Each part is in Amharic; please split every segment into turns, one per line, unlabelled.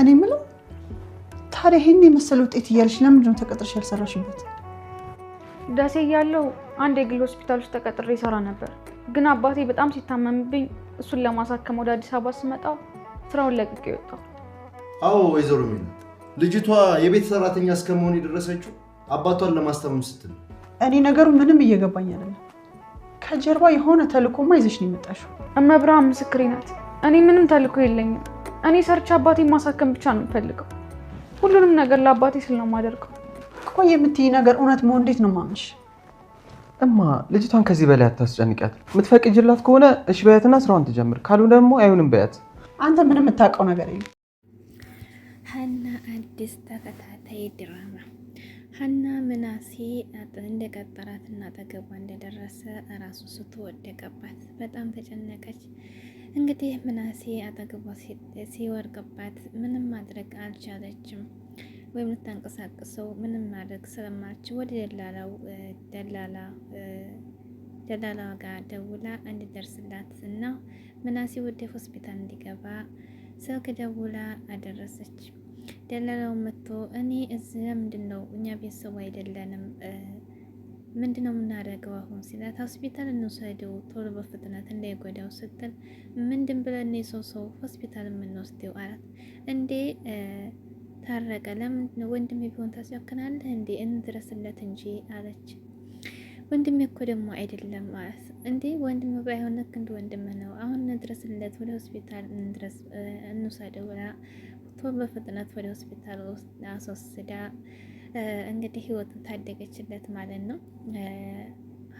እኔ የምለው ታዲያ ይሄን የመሰለ ውጤት እያለች ለምንድን ነው ተቀጥረሽ ያልሰራሽበት?
ደሴ እያለሁ አንድ የግል ሆስፒታል ውስጥ ተቀጥሬ ይሰራ ነበር። ግን አባቴ በጣም ሲታመምብኝ እሱን ለማሳከም ወደ አዲስ አበባ ስመጣ ስራውን ለቅቄ ወጣሁ።
አዎ ወይዘሮ ሚና ልጅቷ የቤት ሰራተኛ እስከመሆን የደረሰችው አባቷን ለማስታመም ስትል።
እኔ ነገሩ ምንም እየገባኝ አይደለም። ከጀርባ የሆነ ተልእኮማ ይዘሽ ነው የመጣሽው።
እመብርሃን ምስክሬ ናት። እኔ ምንም ተልእኮ የለኝም። እኔ ሰርቼ አባቴን ማሳከም ብቻ ነው የምፈልገው። ሁሉንም ነገር ለአባቴ ስል ነው የማደርገው።
ቆይ የምትይ ነገር እውነት መሆን እንዴት ነው ማምሽ?
እማ ልጅቷን ከዚህ በላይ አታስጨንቂያት። የምትፈቅጅላት ከሆነ እሺ በያትና ስራዋን ትጀምር፣ ካሉ ደግሞ አይሁንም በያት።
አንተ ምን የምታውቀው ነገር የለም።
ሀና አዲስ ተከታታይ ድራማ ሀና ምናሴ እንደቀጠራትና አጠገቧ እንደደረሰ ራሱ ስትወደቀባት በጣም ተጨነቀች። እንግዲህ ምናሴ አጠገቧ ሲወርቅባት ምንም ማድረግ አልቻለችም፣ ወይም ልታንቀሳቅሰው ምንም ማድረግ ስለማች ወደ ደላላው ደላላ ደላላ ጋር ደውላ እንዲደርስላት እና ምናሴ ወደ ሆስፒታል እንዲገባ ስልክ ደውላ አደረሰች። ደላላው መጥቶ እኔ እዚህ ምንድን ነው እኛ ቤተሰቡ አይደለንም ምንድነው የምናደርገው አሁን ሲላት ሆስፒታል እንውሰደው ቶሎ በፍጥነት እንዳይጎዳው ስትል ምንድን ብለን የሰው ሰው ሆስፒታል የምንወስደው አላት። እንዴ ታረቀ ለምን ወንድሜ ቢሆን ታስያክናለህ እንዴ እንድረስለት እንጂ አለች። ወንድሜ እኮ ደግሞ አይደለም ማለት እንዴ ወንድም ባይሆን ልክ እንደ ወንድም ነው። አሁን እንድረስለት ወደ ሆስፒታል እንድረስ እንውሰደው ብላ ቶሎ በፍጥነት ወደ ሆስፒታል አስወስዳ እንግዲህ ህይወቱን ታደገችለት ማለት ነው።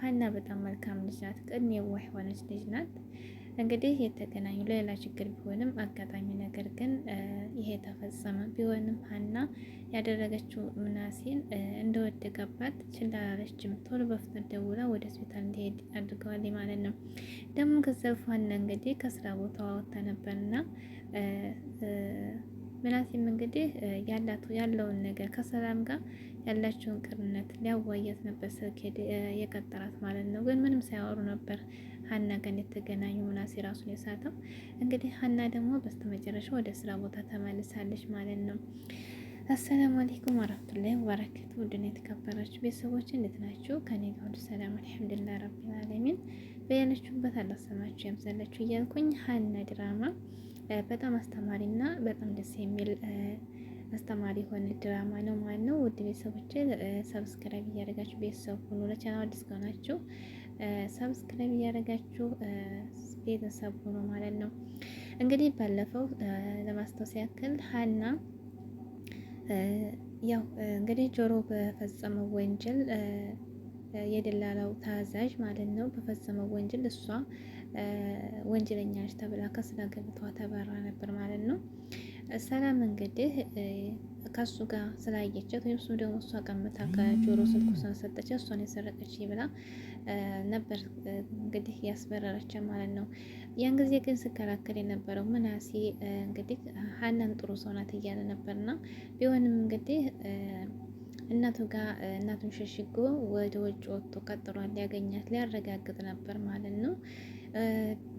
ሀና በጣም መልካም ልጅ ናት፣ ቅን የዋህ የሆነች ልጅ ናት። እንግዲህ የተገናኙ ሌላ ችግር ቢሆንም አጋጣሚ ነገር ግን ይሄ ተፈጸመ። ቢሆንም ሀና ያደረገችው ምናሴን እንደወደቀባት ችላ ቶሎ በፍጥነት ደውላ ወደ ሆስፒታል እንዲሄድ አድርገዋል ማለት ነው። ደግሞ ከዛ ሀና እንግዲህ ከስራ ቦታ ወጥታ ነበርና ምናሴም እንግዲህ ያላት ያለውን ነገር ከሰላም ጋር ያላቸውን ቅርነት ሊያዋያት ነበር ስልክ የቀጠራት ማለት ነው። ግን ምንም ሳያወሩ ነበር ሀና ጋር እንደተገናኙ ምናሴ ራሱን የሳተው እንግዲህ። ሀና ደግሞ በስተመጨረሻ ወደ ስራ ቦታ ተመልሳለች ማለት ነው። አሰላሙ አለይኩም ወራህመቱላሂ ወበረካቱ ውድና የተከበራችሁ ቤተሰቦች እንዴት ናችሁ? ከኔ ጋር ሁሉ ሰላም አልሐምዱሊላህ ረቢል ዓለሚን። በያላችሁበት አላሰማችሁ ያምሰላችሁ እያልኩኝ ሀና ድራማ በጣም አስተማሪና በጣም ደስ የሚል አስተማሪ የሆነ ድራማ ነው ማለት ነው። ውድ ቤተሰቦች ሰብስክራይብ እያደረጋችሁ ቤተሰብ ሁኑ። ለቻናል አዲስ ከሆናችሁ ሰብስክራይብ እያደረጋችሁ ቤተሰብ ሁኑ ማለት ነው። እንግዲህ ባለፈው ለማስታወስ ያክል ሀና ያው እንግዲህ ጆሮ በፈጸመው ወንጀል የደላላው ታዛዥ ማለት ነው በፈጸመው ወንጀል እሷ ወንጀለኛች ተብላ ከስጋ ገብቷ ተበራ ነበር ማለት ነው። ሰላም እንግዲህ ከሱ ጋር ስላየቻት ወይም እሱ ደግሞ እሷ ቀምታ ከጆሮ ስልኩ ስለሰጠች እሷን የሰረቀች ብላ ነበር እንግዲህ ያስበረረች ማለት ነው። ያን ጊዜ ግን ስከላከል የነበረው ምናሴ እንግዲህ ሀናን ጥሩ ሰው ናት እያለ ነበርና ቢሆንም እንግዲህ እናቱ ጋር እናቱን ሸሽጎ ወደ ውጭ ወጥቶ ቀጥሯል። ሊያገኛት ሊያረጋግጥ ነበር ማለት ነው።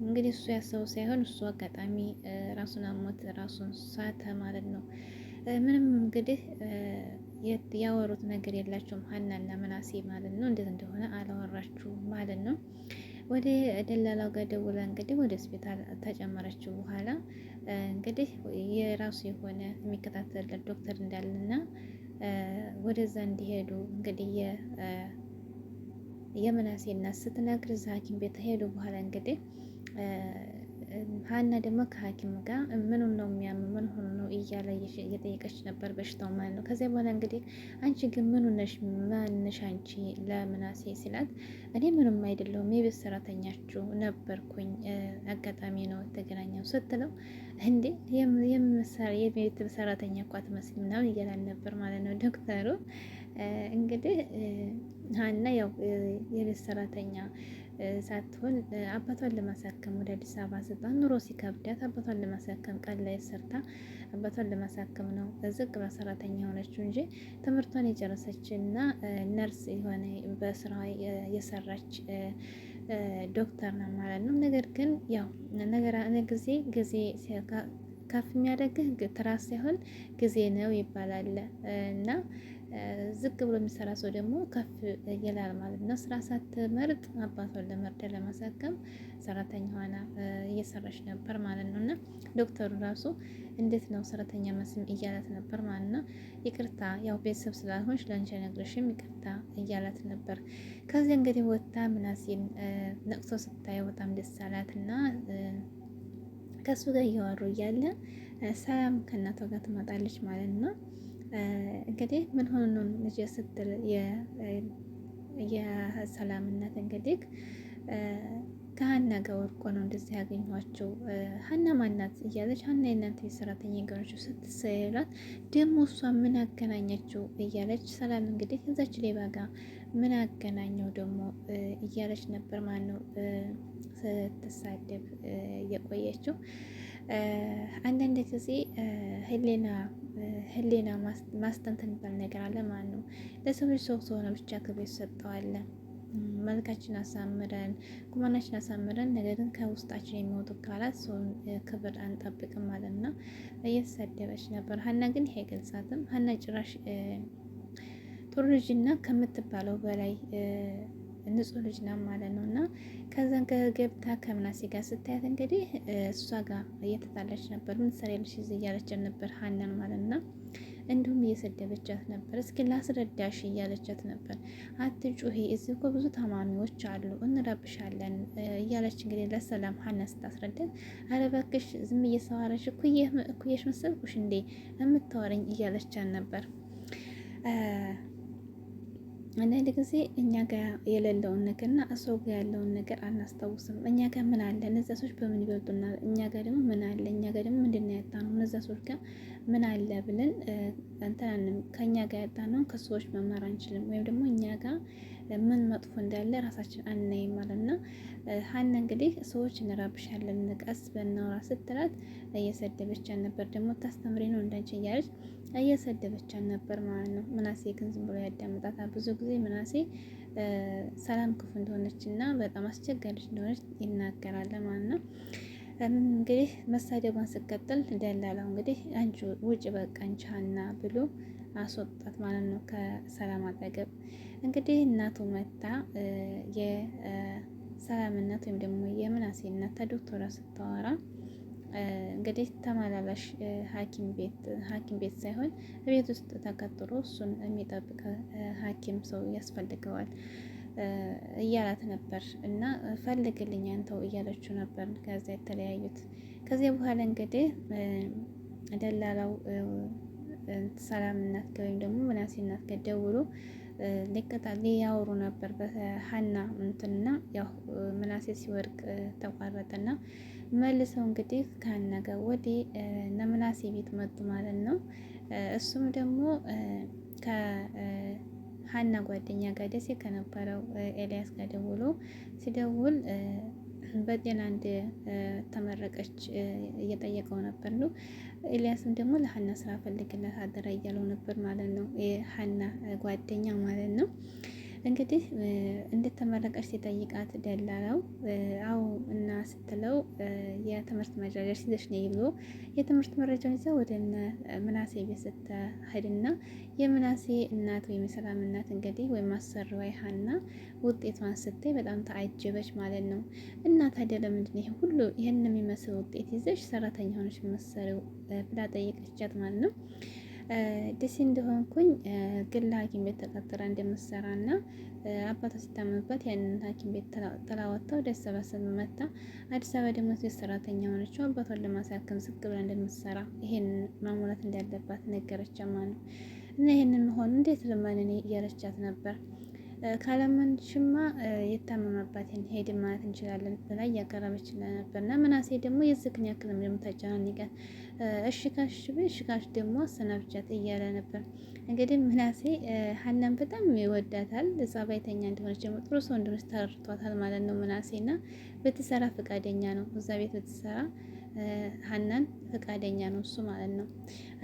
እንግዲህ እሱ ያሰበው ሳይሆን እሱ አጋጣሚ ራሱን አሞት ራሱን ሳተ ማለት ነው። ምንም እንግዲህ ያወሩት ነገር የላቸውም ሀናና ምናሴ ማለት ነው። እንዴት እንደሆነ አላወራችሁ ማለት ነው። ወደ ደላላው ጋር ደውላ እንግዲህ ወደ ሆስፒታል ተጨመረችው። በኋላ እንግዲህ የራሱ የሆነ የሚከታተል ዶክተር እንዳለና ወደዛ እንዲሄዱ እንግዲህ የምናሴ እናት ስትነግር እዛ ሐኪም ቤት በኋላ እንግዲህ ሀና ደግሞ ከሐኪም ጋር ምኑ ነው የሚያም ምን ሆኖ ነው እያለ እየጠየቀች ነበር በሽታው ማለት ነው። ከዚያ በኋላ እንግዲህ አንቺ ግን ምኑ ነሽ ማንሽ አንቺ ለምናሴ ሲላት፣ እኔ ምንም አይደለሁም የቤት ሰራተኛችሁ ነበርኩኝ አጋጣሚ ነው የተገናኘው ስትለው፣ እንዴ የቤት ሰራተኛ እኳ አትመስል ምናምን እያላል ነበር ማለት ነው ዶክተሩ እንግዲህ ሀና ያው የቤት ሰራተኛ ሳትሆን አባቷን ለማሳከም ወደ አዲስ አበባ ስባ ኑሮ ሲከብዳት አባቷን ለማሳከም ቀን ላይ ሰርታ አባቷን ለማሳከም ነው ዝቅ ብላ ሰራተኛ የሆነችው እንጂ ትምህርቷን የጨረሰች እና ነርስ የሆነ በስራ የሰራች ዶክተር ነው ማለት ነው። ነገር ግን ያው ነገር ጊዜ ጊዜ ከፍ የሚያደርግህ ትራስ ሳይሆን ጊዜ ነው ይባላል እና ዝቅ ብሎ የሚሰራ ሰው ደግሞ ከፍ ይላል ማለት ነው። ስራ ሳትመርጥ አባቷን ለመርዳት ለማሳከም ሰራተኛ ሆና እየሰራች ነበር ማለት ነው። እና ዶክተሩ ራሱ እንዴት ነው ሰራተኛ መስም እያላት ነበር ማለት ነው። ይቅርታ ያው ቤተሰብ ስላልሆንሽ ለአንቺ ነግርሽም ይቅርታ እያላት ነበር። ከዚያ እንግዲህ ወታ ምናሴን ነቅሶ ስታየው በጣም ደስ አላት እና ከእሱ ጋር እያወሩ እያለ ሰላም ከእናቷ ጋር ትመጣለች ማለት ነው። እንግዲህ ምን ሆኖ ነው ልጅ ስትል የሰላምነት እንግዲህ ከሀና ጋር ወርቆ ነው እንደዚህ ያገኟቸው። ሀና ማናት እያለች ሀና የእናንተ የሰራተኛ የገኖችው ስትሰላት ደግሞ እሷ ምን አገናኘችው እያለች ሰላም እንግዲህ እዛች ሌባ ጋር ምን አገናኘው ደግሞ እያለች ነበር። ማን ነው ስትሳደብ የቆየችው? አንዳንድ ጊዜ ህሌና ህሌና ማስተንተን የሚባል ነገር አለ ማለት ነው። ለሰው ልጅ ሰው ሆነ ብቻ ክብር ይሰጠዋል። መልካችን አሳምረን ቁመናችን አሳምረን፣ ነገር ግን ከውስጣችን የሚወጡ ቃላት ሰውን ክብር አንጠብቅም ማለት ነው። እየተሳደበች ነበር። ሀና ግን ይሄ አይገልጻትም። ሀና ጭራሽ ጥሩ ልጅና ከምትባለው በላይ ንጹህ ልጅ ናት ማለት ነው። እና ከዛን ከገብታ ከምናሴ ጋር ስታያት እንግዲህ እሷ ጋር እየተጣላች ነበር። ምን ትሰሪያለሽ እዚህ እያለቻት ነበር ሀናን ማለት እና እንዲሁም እየሰደበቻት ነበር። እስኪ ላስረዳሽ እያለቻት ነበር። አትጩሂ፣ እዚህ እኮ ብዙ ታማሚዎች አሉ፣ እንረብሻለን እያለች እንግዲህ ለሰላም ሀና ስታስረዳት፣ ኧረ እባክሽ ዝም እየሰዋረሽ እኩየሽ መሰልኩሽ እንዴ የምታወረኝ እያለቻን ነበር። አንዳንድ ጊዜ እኛ ጋር የሌለውን ነገርና እና እሷ ጋር ያለውን ነገር አናስታውስም። እኛ ጋር ምን አለ፣ እነዚያ ሰዎች በምን ይበልጡና፣ እኛ ጋር ደግሞ ምን አለ፣ እኛ ጋር ደግሞ ምንድን ነው ያጣነው፣ እነዚያ ሰዎች ጋር ምን አለ ብለን እንትናንም ከእኛ ጋር ያጣነውን ከሰዎች መማር አንችልም። ወይም ደግሞ እኛ ጋር ምን መጥፎ እንዳለ ራሳችን አናይም ማለት እና ሀና እንግዲህ ሰዎች እንራብሻለን ቀስ በናውራ ስትላት እየሰደበች ነበር። ደግሞ ታስተምሬ ነው እንዳንቺ እያለች እየሰደበቻን ነበር ማለት ነው። ምናሴ ግን ዝም ብሎ ያዳምጣታል። ብዙ ጊዜ ምናሴ ሰላም ክፉ እንደሆነች እና በጣም አስቸጋሪች እንደሆነች ይናገራል ማለት ነው። እንግዲህ መሳደቧን ስቀጥል ደላላው እንግዲህ አንቺ ውጭ በቃ አንቺ ሀና ብሎ አስወጣት ማለት ነው ከሰላም አጠገብ። እንግዲህ እናቱ መታ የሰላም እናት ወይም ደግሞ የምናሴ እናት ዶክተሯ ስታወራ እንግዲህ ተመላላሽ ሐኪም ቤት ሐኪም ቤት ሳይሆን ቤት ውስጥ ተቀጥሮ እሱን የሚጠብቅ ሐኪም ሰው ያስፈልገዋል እያላት ነበር እና ፈልግልኝ አንተው እያለችው ነበር። ከዚያ የተለያዩት። ከዚያ በኋላ እንግዲህ ደላላው ሰላም እናት ወይም ደግሞ ምናሴ እናት ደውሎ ሊቀጣ ሊያወሩ ነበር በሀና እንትንና ያው ምናሴ ሲወድቅ ተቋረጠና መልሰው እንግዲህ ከነገ ወዲህ ነምናሴ ቤት መጡ ማለት ነው። እሱም ደግሞ ከሀና ጓደኛ ጋር ደሴ ከነበረው ኤልያስ ጋር ደውሎ ሲደውል በጤና እንደ ተመረቀች እየጠየቀው ነበር ነው። ኤልያስም ደግሞ ለሀና ስራ ፈልግለት አደራ እያለው ነበር ማለት ነው። ሀና ጓደኛ ማለት ነው። እንግዲህ እንደተመረቀች ሲጠይቃት ደላላው አው እና ስትለው የትምህርት መረጃ ይዘሽ ነይ ብሎ የትምህርት መረጃውን ይዛ ወደ ምናሴ ቤት ስትሄድና የምናሴ እናት ወይም የሰላም እናት እንግዲህ ወይም አሰሪዋ ሀና ውጤቷን ስታይ በጣም ተአጀበች ማለት ነው። እና ታዲያ ለምንድን ይሄ ሁሉ ይህን የሚመስል ውጤት ይዘሽ ሰራተኛ ሆነሽ መሰሪው ብላ ጠየቀቻት ማለት ነው። ደስ እንደሆንኩኝ ግል ሐኪም ቤት ተቀጥራ እንደምትሰራ እና አባቷ ሲታመምበት ያንን ሐኪም ቤት ተላወጥተው ደስ በሰብ መታ አዲስ አበባ ደግሞ ሴት ሰራተኛ ሆነችው አባቷን ለማሳከም ዝቅ ብላ እንደምትሰራ ይሄን ማሟላት እንዳለባት ነገረቻ ማለት እና ይሄንን መሆኑ እንዴት ልመን እኔ እያለቻት ነበር። ካለመንሽማ የታመመ አባቴን ሄድን ማለት እንችላለን ብላ እያቀረበች ነበር እና ምናሴ ደግሞ የዝክን ያክልም የምታጨናንቀን እሽካሽ እሽካሽ ደግሞ አሰናብቻት እያለ ነበር። እንግዲህ ምናሴ ሀናን በጣም ይወዳታል። ባይተኛ እንደሆነች ደግሞ ጥሩ ሰው እንደሆነች ተረድቷታል ማለት ነው። ምናሴ እና ብትሰራ ፈቃደኛ ነው እዛ ቤት ብትሰራ ሀናን ፈቃደኛ ነው እሱ ማለት ነው።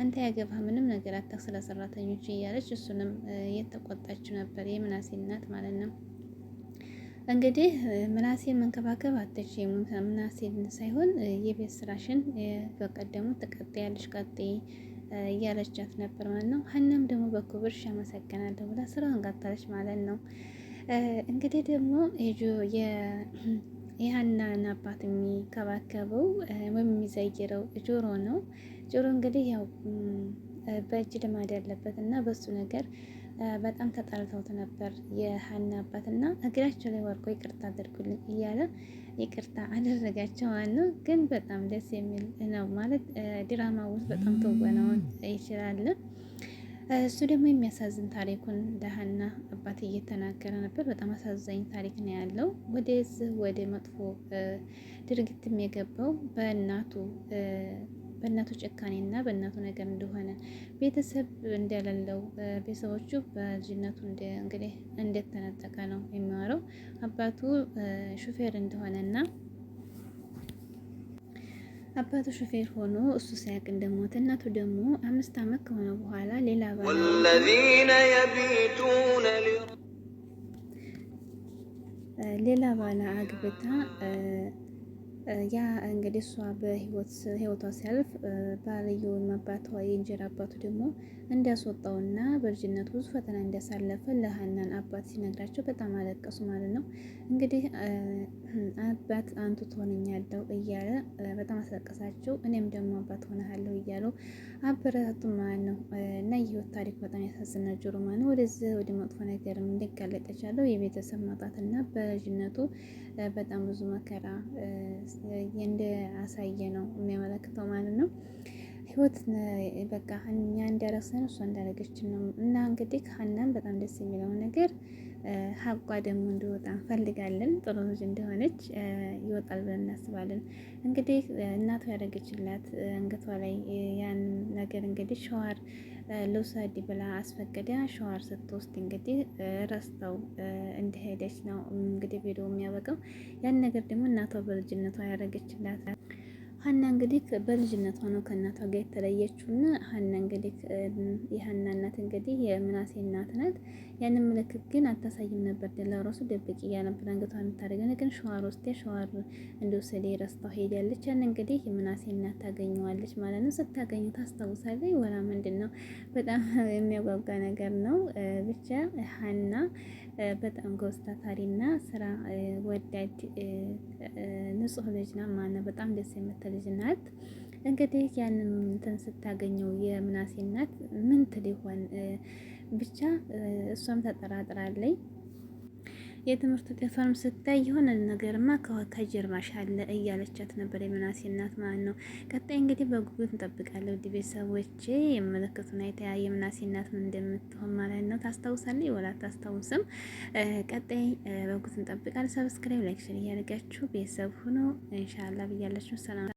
አንተ ያገባ ምንም ነገር አታክ ስለ ሰራተኞች እያለች እሱንም እየተቆጣችው ነበር የምናሴ እናት ማለት ነው። እንግዲህ ምናሴን መንከባከብ አትችይም፣ ምናሴን ሳይሆን የቤት ስራሽን በቀደሙ ትቀጥያለሽ ቀጥይ እያለቻት ነበር ማለት ነው። ሀናም ደግሞ በኩብርሽ አመሰግናለሁ ብላ ስራውን ቀጠለች ማለት ነው። እንግዲህ ደግሞ የሀናን አባት የሚከባከበው ወይም የሚዘይረው ጆሮ ነው። ጆሮ እንግዲህ ያው በእጅ ልማድ ያለበት እና በሱ ነገር በጣም ተጣልተውት ነበር የሀና አባት እና እግራቸው ላይ ወርቆ ይቅርታ አድርጉልኝ እያለ ይቅርታ አደረጋቸው ነው። ግን በጣም ደስ የሚል ነው ማለት ድራማ ውስጥ በጣም ተወነውን ይችላል። እሱ ደግሞ የሚያሳዝን ታሪኩን ለሀና አባት እየተናገረ ነበር። በጣም አሳዛኝ ታሪክ ነው ያለው። ወደዚህ ወደ መጥፎ ድርጊት የገባው በእናቱ በእናቱ ጭካኔና በእናቱ ነገር እንደሆነ ቤተሰብ እንደሌለው ቤተሰቦቹ በልጅነቱ እንግዲህ እንደተነጠቀ ነው የሚኖረው። አባቱ ሹፌር እንደሆነና አባቱ ሹፌር ሆኖ እሱ ሳያውቅ እንደሞተ እናቱ ደግሞ አምስት ዓመት ከሆነ በኋላ ሌላ ሌላ ባላ አግብታ ያ እንግዲህ እሷ በህይወቷ ህይወቷ ሲያልፍ ባልየውን አባቷ የእንጀራ አባቱ ደግሞ እንዲያስወጣውና በልጅነቱ ብዙ ፈተና እንዲያሳለፈ ለሀናን አባት ሲነግራቸው በጣም አለቀሱ ማለት ነው። እንግዲህ አባት አንቱ ትሆነኛለሁ እያለ በጣም አስለቀሳቸው። እኔም ደግሞ አባት ሆነሃለሁ እያሉ አበረታቱ ማለት ነው። እና የህይወት ታሪክ በጣም ያሳዝናል። ጆሮ ማለት ወደዚህ ወደ መጥፎ ነገር ሊጋለጥ የቻለው የቤተሰብ ማጣትና በልጅነቱ በጣም ብዙ መከራ እንደ አሳየ ነው የሚያመለክተው ማለት ነው። ህይወት በቃ እኛ እንዳረሰን እሷ እንዳረገችን ነው። እና እንግዲህ ሀናን በጣም ደስ የሚለው ነገር ሀቋ ደግሞ እንዲወጣ እንፈልጋለን። ጥሩ ልጅ እንደሆነች ይወጣል ብለን እናስባለን። እንግዲህ እናቷ ያደረገችላት አንገቷ ላይ ያን ነገር እንግዲህ ሸዋር ልውሰድ ብላ አስፈቅዳ ሸዋር ስትወስድ እንግዲህ ረስተው እንደሄደች ነው እንግዲህ ቪዲዮ የሚያበቃው። ያን ነገር ደግሞ እናቷ በልጅነቷ ያደረገችላት ሀና እንግዲህ በልጅነቷ ነው ከእናቷ ጋር የተለየችውና ሀና እንግዲህ የሀና እናት እንግዲህ የምናሴ እናት ናት። ያንን ምልክት ግን አታሳይም ነበር ራሱ ደብቅ እያለብን አንገቷ የምታደርገ ግን ሸዋር ውስጤ ሸዋር እንደወሰደ ረስታው ሄዳለች። ያን እንግዲህ የምናሴ እናት ታገኘዋለች ማለት ነው። ስታገኙ ታስታውሳለች። ወላ ምንድን ነው በጣም የሚያጓጓ ነገር ነው። ብቻ ሀና በጣም ጎበዝ ታታሪና ስራ ወዳድ ንጹህ ልጅ ናት ማለት ነው። በጣም ደስ የምትል ልጅ ናት። እንግዲህ ያንን እንትን ስታገኘው የምናሴ እናት ምን ትል ይሆን ብቻ እሷም ተጠራጥራለኝ። የትምህርት ውጤቷንም ስታይ የሆነ ነገርማ ከጀርባሽ አለ እያለቻት ነበር የምናሴ እናት ማለት ነው። ቀጣይ እንግዲህ በጉጉት እንጠብቃለሁ ውድ ቤተሰቦች የመለከቱን አይታ የምናሴ እናት ምን እንደምትሆን ማለት ነው። ታስታውሳለህ ወላ ታስታውስም? ቀጣይ በጉጉት እንጠብቃለን። ሰብስክራይብ፣ ላይክ፣ ሼር እያደረጋችሁ ቤተሰብ ሁኑ። ኢንሻአላህ ብያለችሁ። ሰላም